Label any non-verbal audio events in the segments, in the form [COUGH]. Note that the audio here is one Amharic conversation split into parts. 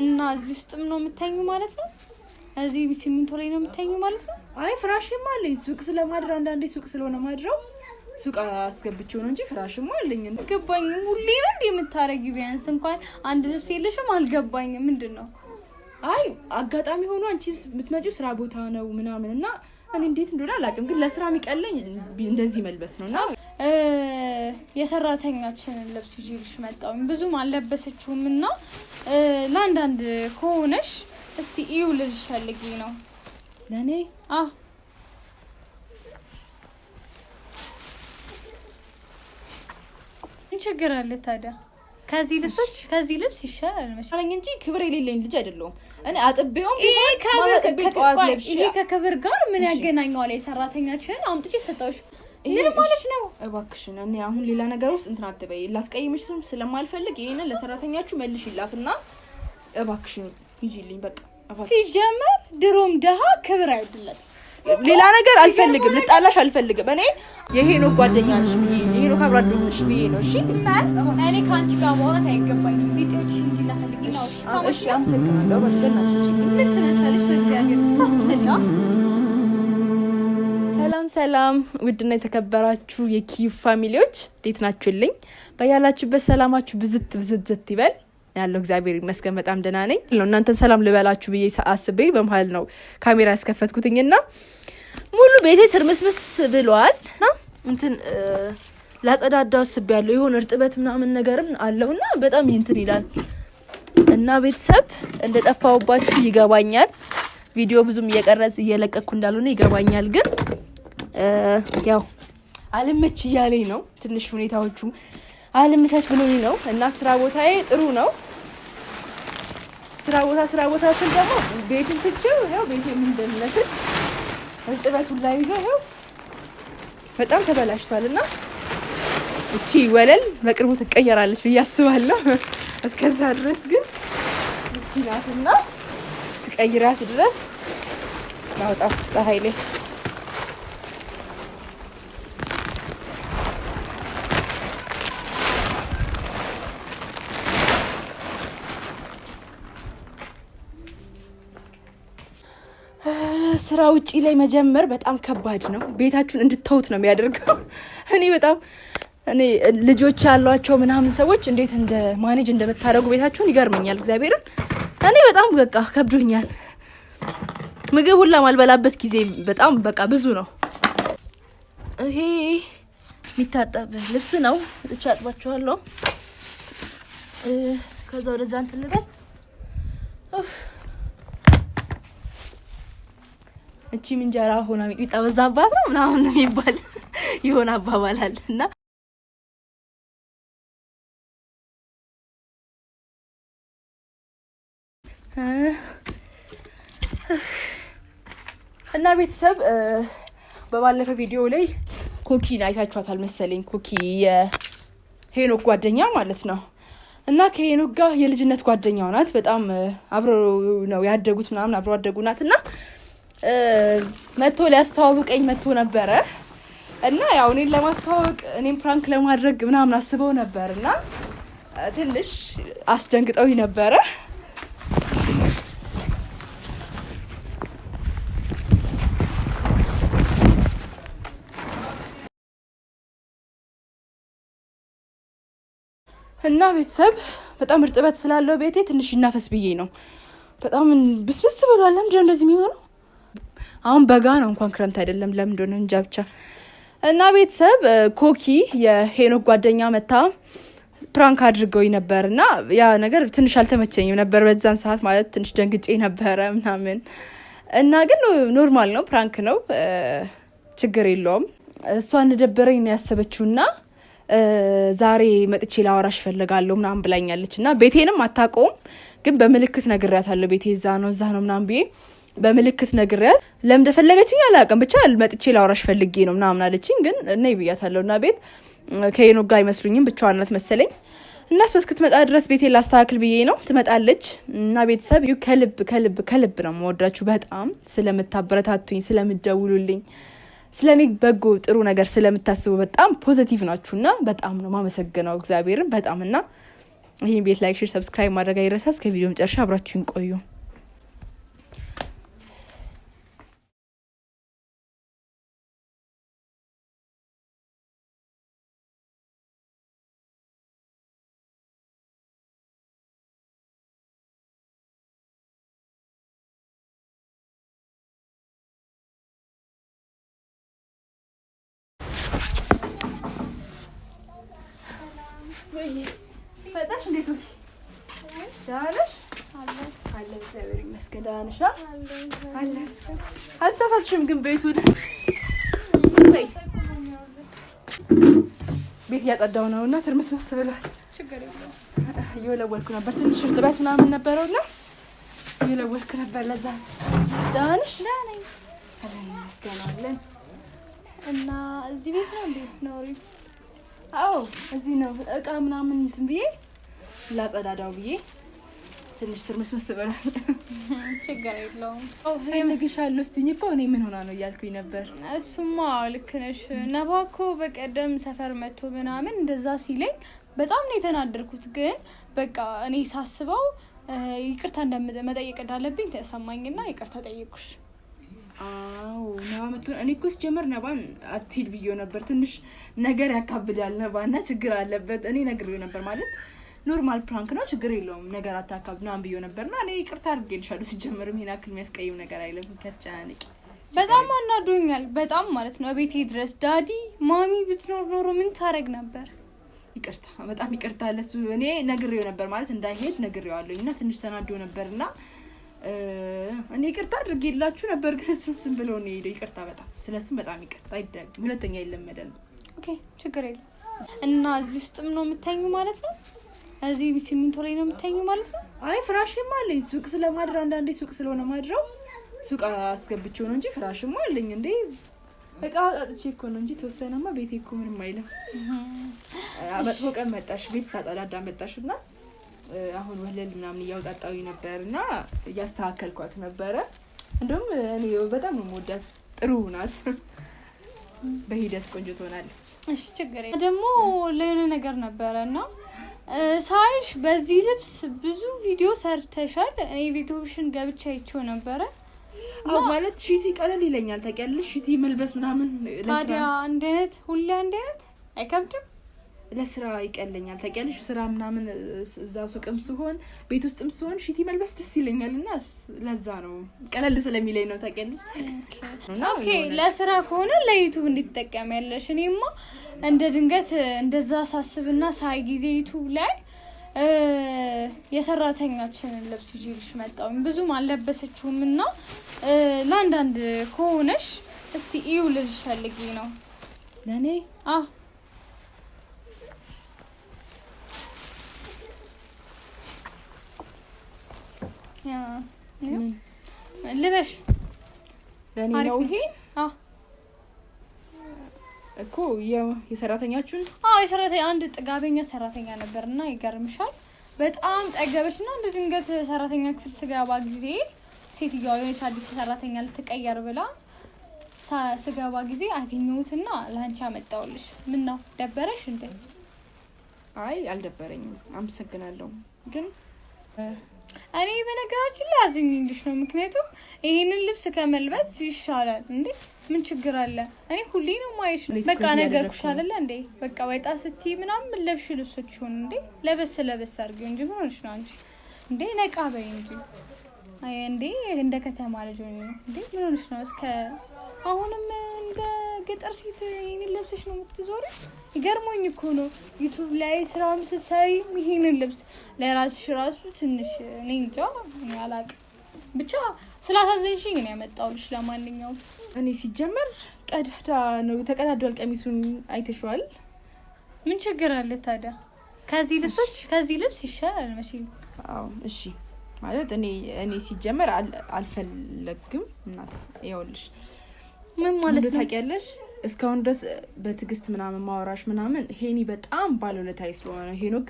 እና እዚህ ውስጥም ነው የምታኙ ማለት ነው? እዚህ ሲሚንቶ ላይ ነው የምታኙ ማለት ነው? አይ ፍራሽም አለኝ ሱቅ ስለማድረ አንዳንዴ ሱቅ ስለሆነ ማድረው ሱቅ አስገብቼው ነው እንጂ ፍራሽም አለኝ። ገባኝም ሁሌ ነው እንደ የምታረጊው ቢያንስ እንኳን አንድ ልብስ የለሽም። አልገባኝም ምንድን ነው? አይ አጋጣሚ ሆኖ አንቺ የምትመጪው ስራ ቦታ ነው ምናምን እና እኔ እንዴት እንደሆነ አላውቅም፣ ግን ለስራ የሚቀለኝ እንደዚህ መልበስ ነው እና የሰራተኛችንን ልብስ ይዤልሽ መጣሁኝ። ብዙም አልለበሰችውም እና ለአንዳንድ ከሆነሽ እስቲ እዩ ልልሽ ፈልጌ ነው። ለእኔ አዎ ችግር አለ ታዲያ? ከዚህ ልብሶች ከዚህ ልብስ ይሻላል መሰለኝ እንጂ ክብር የሌለኝ ልጅ አይደለሁም እኔ። አጥቤውም ቢሆን ይሄ ከክብር ጋር ምን ያገናኘዋል? የሰራተኛችንን አምጥቼ ሰጣሁሽ። ምን ማለት ነው? እባክሽን እኔ አሁን ሌላ ነገር ውስጥ እንትን አትበይ። ላስቀይምሽ ስም ስለማልፈልግ ይሄንን ለሰራተኛችሁ መልሽ ይላትና እባክሽን ይጂልኝ በቃ። ሲጀመር ድሮም ደሃ ክብር አይደለት። ሌላ ነገር አልፈልግም፣ ልጣላሽ አልፈልግም። እኔ የሄኖክ ጓደኛ ነሽ ብዬ የሄኖክ አብሮ አደግ ነሽ ብዬ ነው። እሺ እኔ ከአንቺ ጋር ማውራት አይገባኝም። ቢጤዎች እንዲና ፈልግና እሺ፣ አመሰግናለሁ። በገና ምን ትመስላለች በእግዚአብሔር ስታስተላ ሰላም ሰላም፣ ውድና የተከበራችሁ የኪዩ ፋሚሊዎች እንዴት ናችሁልኝ? በያላችሁበት ሰላማችሁ ብዝት ብዝት ይበል። ያለው እግዚአብሔር ይመስገን በጣም ደህና ነኝ። እናንተን ሰላም ልበላችሁ ብዬ አስቤ በመሀል ነው ካሜራ ያስከፈትኩትኝና ሙሉ ቤቴ ትርምስምስ ብሏል። እንትን ላጸዳዳ አስቤ ያለው የሆነ እርጥበት ምናምን ነገርም አለውና በጣም ይንትን ይላል እና ቤተሰብ እንደጠፋውባችሁ ይገባኛል። ቪዲዮ ብዙም እየቀረጽ እየለቀኩ እንዳልሆነ ይገባኛል ግን ያው አልመች እያለኝ ነው። ትንሽ ሁኔታዎቹ አልመቻች ብሎኝ ነው እና ስራ ቦታዬ ጥሩ ነው። ስራ ቦታ ስራ ቦታ ስል ደግሞ ቤቱን ትቼው ያው ቤት የምንደነትን እርጥበቱን ላይ ይዞ ያው በጣም ተበላሽቷል እና እቺ ወለል በቅርቡ ትቀየራለች ብዬ አስባለሁ። እስከዛ ድረስ ግን እቺ ናትና ትቀይራት ድረስ ማውጣት ፀሐይ ላይ ስራ ውጪ ላይ መጀመር በጣም ከባድ ነው። ቤታችሁን እንድታውት ነው የሚያደርገው። [LAUGHS] እኔ በጣም እኔ ልጆች ያሏቸው ምናምን ሰዎች እንዴት እንደ ማኔጅ እንደምታደርጉ ቤታችሁን ይገርመኛል። እግዚአብሔርን እኔ በጣም በቃ ከብዶኛል። ምግብ ሁላ ማልበላበት ጊዜ በጣም በቃ ብዙ ነው። ይሄ የሚታጠብ ልብስ ነው። እቻ አጥባችኋለሁ። እስከዛ ወደዛ እንትን ልበል እቺም እንጀራ ሆና ሚጥሚጣ በዛባት ነው ምናምን የሚባል [LAUGHS] የሆነ አባባል አለ እና እና ቤተሰብ በባለፈ ቪዲዮ ላይ ኮኪን አይታችኋታል መሰለኝ። ኮኪ የሄኖክ ጓደኛ ማለት ነው። እና ከሄኖክ ጋር የልጅነት ጓደኛው ናት። በጣም አብረው ነው ያደጉት ምናምን አብረው አደጉ ናት እና መጥቶ ሊያስተዋውቀኝ መጥቶ ነበረ እና ያው እኔን ለማስተዋወቅ እኔም ፕራንክ ለማድረግ ምናምን አስበው ነበር እና ትንሽ አስደንግጠው ነበረ። እና ቤተሰብ በጣም እርጥበት ስላለው ቤቴ ትንሽ ይናፈስ ብዬ ነው። በጣም ብስብስ ብሏል። ለምንድነው እንደዚህ የሚሆነው? አሁን በጋ ነው እንኳን ክረምት አይደለም። ለምን እንደሆነ እንጃ ብቻ እና ቤተሰብ ኮኪ የሄኖክ ጓደኛ መታ ፕራንክ አድርገው ነበር እና ያ ነገር ትንሽ አልተመቸኝም ነበር በዛን ሰዓት ማለት ትንሽ ደንግጬ ነበረ ምናምን እና ግን ኖርማል ነው፣ ፕራንክ ነው፣ ችግር የለውም። እሷ እንደደበረኝ ነው ያሰበችው እና ዛሬ መጥቼ ላወራሽ ፈልጋለሁ ምናምን ብላኛለች እና ቤቴንም አታውቀውም፣ ግን በምልክት ነግሬያታለሁ ቤቴ እዛ ነው እዛ ነው ምናምን ብዬ በምልክት ነግሪያት ለምን እንደፈለገችኝ አላውቅም። ብቻ መጥቼ ላውራሽ ፈልጌ ነው ምናምን አለችኝ። ግን ነይ ብያታለሁ እና ቤት ከሄኖክ ጋር አይመስሉኝም ብቻዋን ናት መሰለኝ እና እሷ እስክትመጣ ድረስ ቤቴ ላስተካክል ብዬ ነው። ትመጣለች። እና ቤተሰብ ከልብ ከልብ ከልብ ነው የምወዳችሁ በጣም ስለምታበረታቱኝ፣ ስለምደውሉልኝ፣ ስለ እኔ በጎ ጥሩ ነገር ስለምታስቡ በጣም ፖዘቲቭ ናችሁ እና በጣም ነው ማመሰግነው እግዚአብሔርን በጣም እና ይህን ቤት ላይክ፣ ሼር፣ ሰብስክራይብ ማድረግ አይረሳ። እስከ ቪዲዮ መጨረሻ አብራችሁን ቆዩ። መጣሽ? እንዴት ነሽ? ደህና ነሽ? አለ እግዚአብሔር ይመስገን። ደህና ነሽ? አልተሳሳትሽም። ግን ቤቱ ቤት እያጸዳው ነው እና ትርምስምስ ብሏል። እየወለወልኩ ነበር። ትንሽ እርጥበት ምናምን ነበረው እና እየወለወልኩ ነበር። ለዛ ደህና ነሽ? አለን እና እዚህ ቤት ነው እንዴት ነው አዎ እዚህ ነው እቃ ምናምን እንትን ብዬ ላጸዳዳው ብዬ ትንሽ ትርምስምስ ብሏል። [LAUGHS] ችግር የለውም እፈልግሻለሁ ስትኝ እኮ እኔ ምን ሆና ነው እያልኩኝ ነበር። እሱማ ልክ ነሽ። ነባ እኮ በቀደም ሰፈር መጥቶ ምናምን እንደዛ ሲለኝ በጣም ነው የተናደርኩት። ግን በቃ እኔ ሳስበው ይቅርታ እንደምጠየቅ እንዳለብኝ ተሰማኝና ይቅርታ ጠየቅኩሽ። አዎ ነባ መቶ እኔ እኮ ስጀምር ነባን አትሂድ ብዬ ነበር። ትንሽ ነገር ያካብዳል ነባና ችግር አለበት። እኔ ነግሬው ነበር ማለት ኖርማል ፕራንክ ነው ችግር የለውም ነገር አታካብድ ምናምን ብዬ ነበርና እኔ ይቅርታ አድርጌልሻለሁ። ሲጀምር ይሄን ያክል የሚያስቀይም ነገር አይለም። ከጫንቂ በጣም አናዶኛል። በጣም ማለት ነው ቤቴ ድረስ ዳዲ ማሚ ብትኖር ኖሮ ምን ታረግ ነበር? ይቅርታ በጣም ይቅርታ ለሱ እኔ ነግሬው ነበር ማለት እንዳይሄድ ነግሬዋለሁ እና ትንሽ ተናዶ ነበር እና እኔ ይቅርታ አድርጌላችሁ ነበር፣ ግን እሱ ስም ብሎ ነው የሄደው። ይቅርታ በጣም ስለሱም በጣም ይቅርታ አይደለም። ሁለተኛ የለመደ ነው። ኦኬ ችግር የለም። እና እዚህ ውስጥም ነው የምታኙ ማለት ነው? እዚህ ሲሚንቶ ላይ ነው የምታኙ ማለት ነው? አይ ፍራሽም አለኝ ሱቅ ስለማድረው አንዳንዴ ሱቅ ስለሆነ ማድረው ሱቅ አስገብቼው ነው እንጂ ፍራሽም አለኝ እንዴ እቃ አውጥቼ እኮ ነው እንጂ ተወሰነማ ቤቴ እኮ ምንም አይልም። መጥፎ ቀን መጣሽ ቤት ሳጣዳዳ መጣሽ እና አሁን ወለል ምናምን እያወጣጣዊ ነበር እና እያስተካከልኳት ነበረ። እንደውም እኔ በጣም የምወዳት ጥሩ ናት። በሂደት ቆንጆ ትሆናለች። እሺ ችግር ደግሞ ለሆነ ነገር ነበረ እና ሳይሽ በዚህ ልብስ ብዙ ቪዲዮ ሰርተሻል። እኔ ቤቶሽን ገብቼ አይቼው ነበረ። አዎ ማለት ሽቲ ቀለል ይለኛል ታውቂያለሽ። ሽቲ መልበስ ምናምን ታዲያ አንድ አይነት ሁሌ አንድ አይነት አይከብድም። ለስራ ይቀለኛል። ታውቂያለሽ ስራ ምናምን እዛ ሱቅም ስሆን ቤት ውስጥም ስሆን ሽቲ መልበስ ደስ ይለኛል እና ለዛ ነው ቀለል ስለሚለኝ ነው። ታውቂያለሽ ኦኬ፣ ለስራ ከሆነ ለዩቱብ እንዲጠቀም ያለሽ። እኔማ እንደ ድንገት እንደዛ ሳስብና ሳይ ጊዜ ዩቱብ ላይ የሰራተኛችንን ልብስ ይዤልሽ መጣሁ። ብዙም አልለበሰችውም እና ለአንዳንድ ከሆነሽ እስቲ እዩ ልልሽ ፈልጌ ነው ለእኔ ልበሽ ለእኔ ነው ይሄ እኮ የሰራተኛችሁን? የሰራተኛ አንድ ጥጋበኛ ሰራተኛ ነበር እና ይገርምሻል፣ በጣም ጠገበች እና እንደ ድንገት ሰራተኛ ክፍል ስገባ ጊዜ ሴትዮዋ የሆነች አዲስ ሰራተኛ ልትቀየር ብላ ስገባ ጊዜ አገኘሁትና ለአንቺ አመጣሁልሽ። ምን ነው ደበረሽ እንዴ? አይ አልደበረኝም፣ አመሰግናለሁ ግን እኔ በነገራችን ላይ አዝኝ እንዲሽ ነው። ምክንያቱም ይሄንን ልብስ ከመልበስ ይሻላል እንዴ። ምን ችግር አለ? እኔ ሁሌ ነው ማየሽ። በቃ ነገርኩሽ አይደለ እንዴ። በቃ ወጣ ስትይ ምናምን ለብሽ ልብሶች ይሆን እንዴ? ለበስ ለበስ አድርጊው እንጂ ምን ሆነሽ ነው አንቺ እንዴ? ነቃ በይ እንጂ እንዴ። እንደ ከተማ ልጅ ነው እንዴ? ምን ሆነሽ ነው? እስከ አሁንም የገጠር ሴት ይህንን ለብሰሽ ነው የምትዞሪ? ይገርሞኝ እኮ ነው ዩቱብ ላይ ስራ ስትሰሪ ይሄንን ልብስ ለራስሽ ራሱ ትንሽ እኔ እንጃ አላቅም። ብቻ ስላሳዘንሽኝ ነው ያመጣሁልሽ። ለማንኛውም እኔ ሲጀመር ቀዳዳ ነው ተቀዳዷል። ቀሚሱን አይተሽዋል። ምን ችግር አለ ታዲያ? ከዚህ ልብሶች ከዚህ ልብስ ይሻላል መቼም። አዎ እሺ ማለት እኔ እኔ ሲጀመር አልፈለግም። እና ይኸውልሽ ምን ማለት ነው ታውቂያለሽ እስካሁን ድረስ በትግስት ምናምን ማወራሽ ምናምን ሄኒ በጣም ባለውለታዊ ስለሆነ ሄኖክ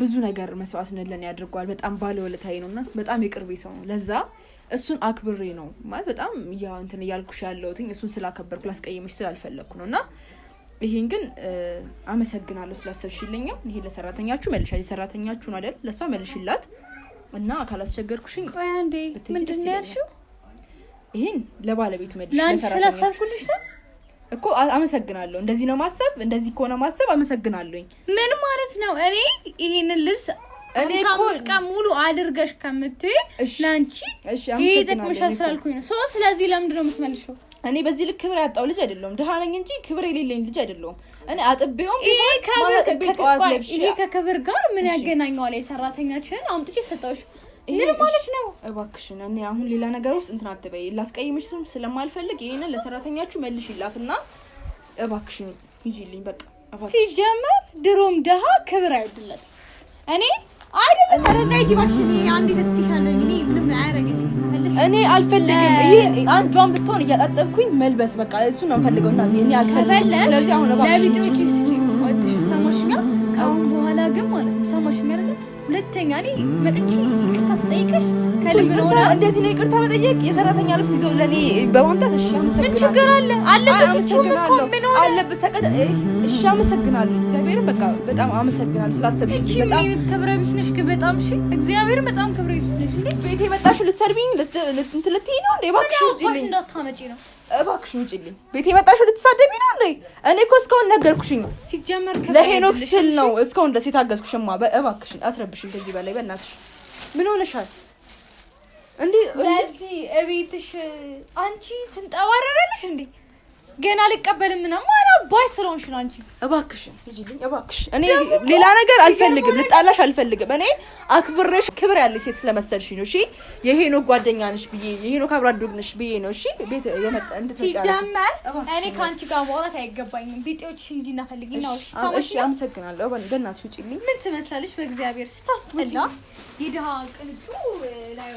ብዙ ነገር መስዋዕትነት ለእኔ ያድርጓል። በጣም ባለውለታዊ ነው እና በጣም የቅርቤ ሰው ነው። ለዛ እሱን አክብሬ ነው ማለት በጣም እንትን እያልኩሽ ያለሁት እሱን ስላከበርኩ ላስቀየምሽ ስላልፈለግኩ ነው እና ይሄን ግን አመሰግናለሁ ስላሰብሽልኝም። ይሄ ለሰራተኛችሁ መልሻ የሰራተኛችሁ ነው አይደል? ለእሷ መልሽላት እና ካላስቸገርኩሽኝ ምንድን ነው ያልሽው? ይሄን ለባለቤቱ መልሽ ስላሰብኩልሽ ነው እኮ አመሰግናለሁ። እንደዚህ ነው ማሰብ፣ እንደዚህ ከሆነ ማሰብ አመሰግናለሁኝ። ምን ማለት ነው? እኔ ይሄንን ልብስ እኔ ሙሉ አድርገሽ ከምትይ ለአንቺ ይሄ ይጠቅምሻል ስላልኩኝ ነው። ሶ ስለዚህ ለምንድን ነው የምትመልሺው? እኔ በዚህ ልክ ክብር ያጣው ልጅ አይደለሁም። ድሃ ነኝ እንጂ ክብር የሌለኝ ልጅ አይደለሁም። እኔ አጥቤውም ይሄ ከክብር ጋር ምን ያገናኘዋል? የሰራተኛችንን አምጥቼ ሰጠሁሽ ምን ማለት ነው? እባክሽን እኔ አሁን ሌላ ነገር ውስጥ እንትን አትበይ። ላስቀይምሽ ስም ስለማልፈልግ ይሄንን ለሰራተኛችሁ መልሽላት እና እባክሽን ይዤልኝ በቃ። ሲጀመር ድሮም ደሃ ክብር አይደለት። እኔ አይደለም ተረዛ ይጅባሽኝ አንዴ ሰጥቼሻለሁ። እኔ ምንም አያረግልኝ እኔ አልፈልግም። ይሄ አንጇን ብትሆን እያጣጠብኩኝ መልበስ በቃ እሱ ነው የምፈልገው እና እኔ አልፈልግም። ስለዚህ አሁን እባክሽን ሁለተኛ እኔ መጥቼ ይቅርታ ስጠይቅሽ ከልብ ነው። እንደዚህ ነው ይቅርታ መጠየቅ የሰራተኛ ልብስ ይዞ ለኔ በማምጣት እሺ አመሰግናለሁ። ምን ችግር አለ? አለበት እኮ ምን ሆነ አለበት ተቀደ። እሺ አመሰግናለሁ። እግዚአብሔርን በቃ በጣም አመሰግናለሁ ስላሰብሽ። በጣም ክብረ ቢስ ነሽ ግን በጣም እሺ። እግዚአብሔርን በጣም ክብረ ቢስ ነሽ። እንዴ ቤቴ ልትሰርቢኝ ልትይ ነው እንዴ? እባክሽ ውጪልኝ፣ እንዳታመጪ ነው እባክሽ ውጪልኝ። ልትሳደቢ ነው እንዴ? እኔ እኮ እስካሁን ነገርኩሽኝ። ሲጀመር ለሄኖክ ስል ነው እስካሁን የታገዝኩሽማ። እባክሽን አትረብሽኝ ከዚህ በላይ በእናትሽ። ምን ሆነሻል? እንዴ ለዚህ እቤትሽ አንቺ ትንጠባረረልሽ እንዴ? ገና ልቀበልም ምናምን ባይ ስለሆንሽ ነው። አንቺ እባክሽ ሂጂልኝ እባክሽ። እኔ ሌላ ነገር አልፈልግም፣ ልጣላሽ አልፈልግም። እኔ አክብረሽ ክብር ያለ ሴት ስለመሰልሽ ነው። እሺ የሄኖክ ጓደኛ ነሽ ብዬ የሄኖክ አብራ አደግ ነሽ ብዬ ነው። እሺ ቤት የመጣ እንድትጫረ ሲጀመር እኔ ከአንቺ ጋር ማውራት አይገባኝም። ቢጤዎች ሂጂና ፈልጊና ወሽ እሺ አመሰግናለሁ። በእናትሽ ውጪልኝ። ምን ትመስላለሽ? በእግዚአብሔር ስታስጠላ የድሃ ቅንጡ ላይ